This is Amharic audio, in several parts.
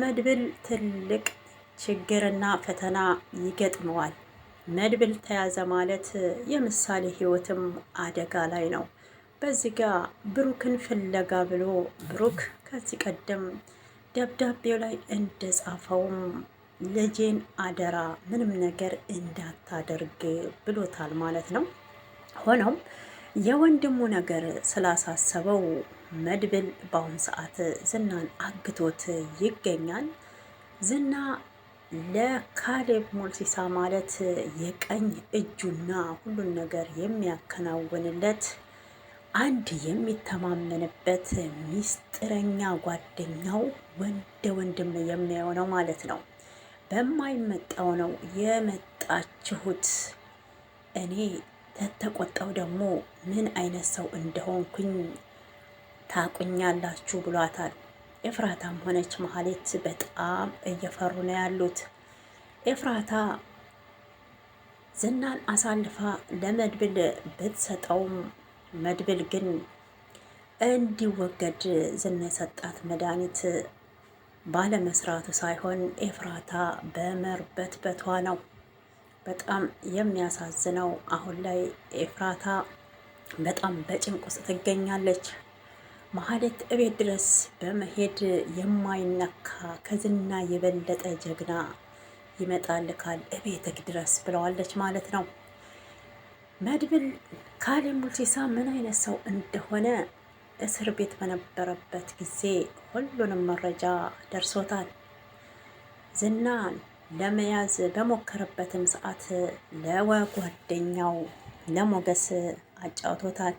መድብል ትልቅ ችግርና ፈተና ይገጥመዋል። መድብል ተያዘ ማለት የምሳሌ ህይወትም አደጋ ላይ ነው። በዚህ ጋ ብሩክን ፍለጋ ብሎ ብሩክ ከዚህ ቀደም ደብዳቤው ላይ እንደጻፈውም ልጄን አደራ ምንም ነገር እንዳታደርግ ብሎታል ማለት ነው። ሆኖም የወንድሙ ነገር ስላሳሰበው መድብል በአሁኑ ሰዓት ዝናን አግቶት ይገኛል። ዝና ለካሌብ ሞልሲሳ ማለት የቀኝ እጁና ሁሉን ነገር የሚያከናውንለት አንድ የሚተማመንበት ሚስጥረኛ ጓደኛው ወንደ ወንድም የሚያየው ነው ማለት ነው። በማይመጣው ነው የመጣችሁት። እኔ ተተቆጣው ደግሞ ምን አይነት ሰው እንደሆንኩኝ ታቁኛላችሁ ብሏታል። ኤፍራታም ሆነች መሀሌት በጣም እየፈሩ ነው ያሉት። ኤፍራታ ዝናን አሳልፋ ለመድብል ብትሰጠውም መድብል ግን እንዲወገድ ዝና የሰጣት መድኃኒት ባለመስራቱ ሳይሆን ኤፍራታ በቷ ነው። በጣም የሚያሳዝነው አሁን ላይ ኤፍራታ በጣም በጭንቅ ውስጥ ትገኛለች። ማህሌት እቤት ድረስ በመሄድ የማይነካ ከዝና የበለጠ ጀግና ይመጣልካል እቤትህ ድረስ ብለዋለች ማለት ነው። መድብል ካሌ ሙልጌሳ ምን አይነት ሰው እንደሆነ እስር ቤት በነበረበት ጊዜ ሁሉንም መረጃ ደርሶታል። ዝናን ለመያዝ በሞከረበትም ሰዓት ለጓደኛው ለሞገስ አጫውቶታል።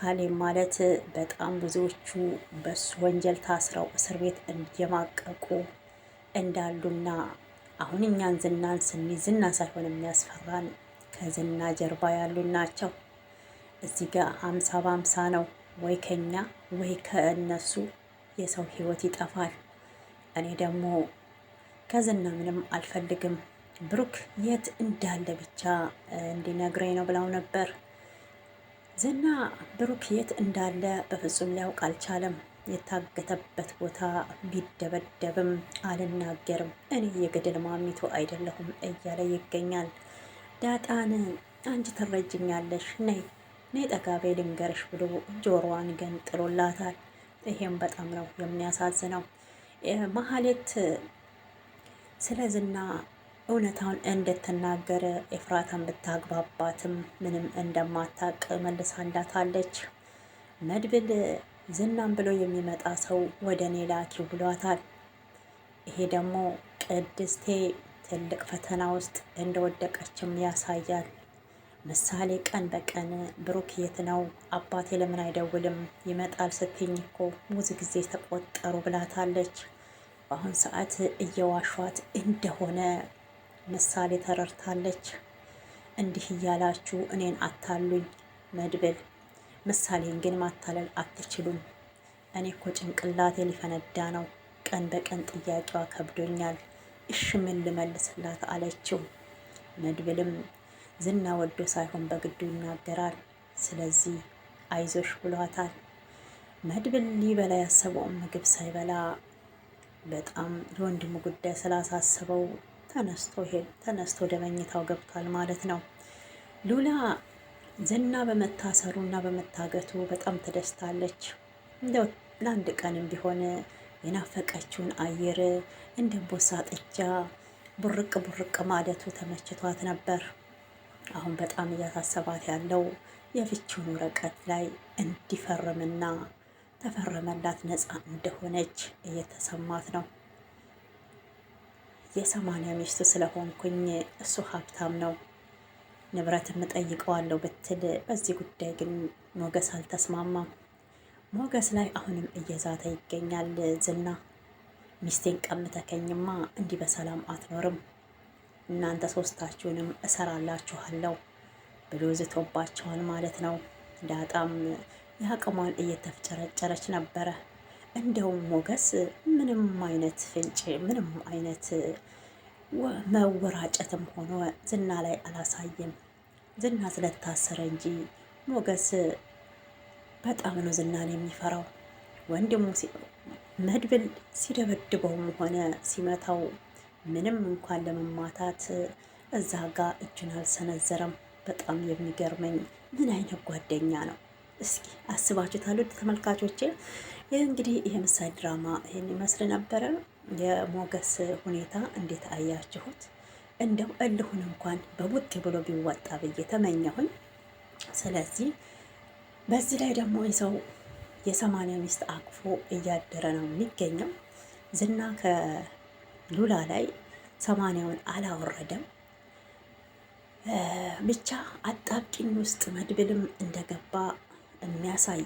ካሌብ ማለት በጣም ብዙዎቹ በሱ ወንጀል ታስረው እስር ቤት እየማቀቁ እንዳሉና አሁን እኛን ዝናን ስኒ ዝና ሳይሆን የሚያስፈራን ከዝና ጀርባ ያሉ ናቸው። እዚህ ጋር አምሳ በአምሳ ነው ወይ ከኛ ወይ ከእነሱ የሰው ህይወት ይጠፋል። እኔ ደግሞ ከዝና ምንም አልፈልግም ብሩክ የት እንዳለ ብቻ እንዲነግረኝ ነው ብለው ነበር። ዝና ብሩክ የት እንዳለ በፍጹም ሊያውቅ አልቻለም። የታገተበት ቦታ ቢደበደብም አልናገርም እኔ የገደል ማሚቱ አይደለሁም እያለ ይገኛል። ዳጣን አንቺ ትረጅኛለሽ፣ ነይ ነይ ጠጋቤ ልንገርሽ ብሎ ጆሮዋን ገንጥሎላታል። ይሄም በጣም ነው የሚያሳዝነው። መሀሌት ስለ ዝና እውነታውን እንድትናገር ኤፍራታን ብታግባባትም ምንም እንደማታቅ መልሳ እንዳታለች። መድብል ዝናም ብሎ የሚመጣ ሰው ወደ እኔ ላኪው ብሏታል። ይሄ ደግሞ ቅድስቴ ትልቅ ፈተና ውስጥ እንደወደቀችም ያሳያል። ምሳሌ ቀን በቀን ብሩክ የት ነው አባቴ ለምን አይደውልም ይመጣል ስትኝ እኮ ብዙ ጊዜ ተቆጠሩ ብላታለች። በአሁን ሰዓት እየዋሿት እንደሆነ ምሳሌ ተረድታለች። እንዲህ እያላችሁ እኔን አታሉኝ መድብል፣ ምሳሌን ግን ማታለል አትችሉም። እኔ እኮ ጭንቅላቴ ሊፈነዳ ነው። ቀን በቀን ጥያቄዋ ከብዶኛል። እሽ ምን ልመልስላት አለችው። መድብልም ዝና ወዶ ሳይሆን በግዱ ይናገራል። ስለዚህ አይዞሽ ብሏታል። መድብል ሊበላ ያሰበውን ምግብ ሳይበላ በጣም የወንድሙ ጉዳይ ስላሳሰበው ተነስቶ ሄድ ተነስቶ ወደ መኝታው ገብቷል ማለት ነው። ሉላ ዝና በመታሰሩ እና በመታገቱ በጣም ተደስታለች። እንደው ለአንድ ቀንም ቢሆን የናፈቀችውን አየር እንደ ቦሳ ጥጃ ቡርቅ ቡርቅ ማለቱ ተመችቷት ነበር። አሁን በጣም እያሳሰባት ያለው የፍቺውን ወረቀት ላይ እንዲፈርምና ተፈረመላት ነፃ እንደሆነች እየተሰማት ነው። የሰማንያ ሚስት ስለሆንኩኝ እሱ ሀብታም ነው ንብረት እጠይቀዋለሁ ብትል፣ በዚህ ጉዳይ ግን ሞገስ አልተስማማም። ሞገስ ላይ አሁንም እየዛተ ይገኛል ዝና። ሚስቴን ቀምተከኝማ እንዲህ በሰላም አትኖርም፣ እናንተ ሶስታችሁንም እሰራላችኋለሁ ብሎ ዝቶባቸዋል ማለት ነው። ዳጣም የአቅሟን እየተፍጨረጨረች ነበረ። እንደውም ሞገስ ምንም አይነት ፍንጭ ምንም አይነት መወራጨትም ሆኖ ዝና ላይ አላሳየም። ዝና ስለታሰረ እንጂ ሞገስ በጣም ነው ዝናን የሚፈራው። ወንድሙ መድብል ሲደበድበውም ሆነ ሲመታው ምንም እንኳን ለመማታት እዛ ጋ እጁን አልሰነዘረም። በጣም የሚገርመኝ ምን አይነት ጓደኛ ነው? እስኪ አስባችሁታል? ውድ ተመልካቾቼ ይህ እንግዲህ የምሳሌ ድራማ ይህን ይመስል ነበረ። የሞገስ ሁኔታ እንዴት አያችሁት? እንደው እልሁን እንኳን በቡጥ ብሎ ቢወጣ ብዬ ተመኘሁኝ። ስለዚህ በዚህ ላይ ደግሞ የሰው የሰማንያ ሚስት አቅፎ እያደረ ነው የሚገኘው። ዝና ከሉላ ላይ ሰማንያውን አላወረደም። ብቻ አጣብቂኝ ውስጥ መድብልም እንደገባ የሚያሳይ